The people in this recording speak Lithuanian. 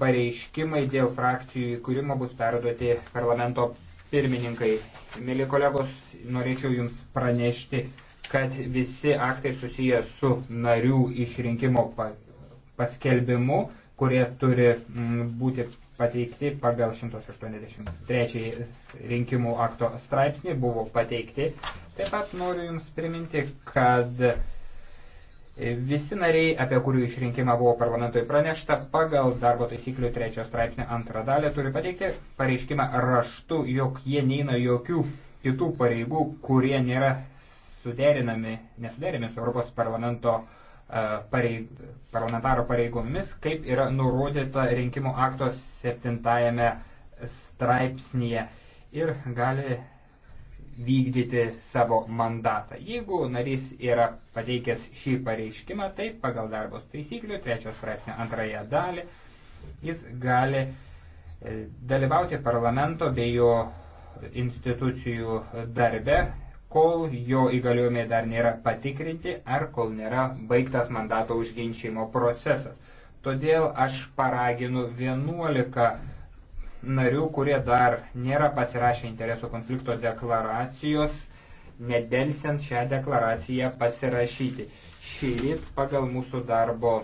pareiškimai dėl frakcijų įkūrimo bus perduoti parlamento pirmininkai. Mėly kolegos, norėčiau Jums pranešti, kad visi aktai susiję su narių išrinkimo paskelbimu, kurie turi mm, būti pateikti pagal 183 rinkimų akto straipsnį, buvo pateikti. Taip pat noriu Jums priminti, kad Visi nariai, apie kurių išrinkimą buvo parlamentui pranešta, pagal darbo taisyklių trečios straipsnio antrą dalį turi pateikti pareiškimą raštu, jog jie neina jokių kitų pareigų, kurie nėra suderinami, nesuderinami su Europos parlamento e, pareig, parlamentaro pareigomis, kaip yra nurodyta rinkimų akto septintajame straipsnėje ir gali vykdyti savo mandatą. Jeigu narys yra pateikęs šį pareiškimą, tai pagal darbos taisyklių, trečios straipsnio antrąją dalį, jis gali e, dalyvauti parlamento bei jo institucijų darbe, kol jo įgaliojimai dar nėra patikrinti ar kol nėra baigtas mandato užginčymo procesas. Todėl aš paraginu 11 narių, kurie dar nėra pasirašę interesų konflikto deklaracijos, nedelsiant šią deklaraciją pasirašyti. Šį ryt pagal mūsų darbo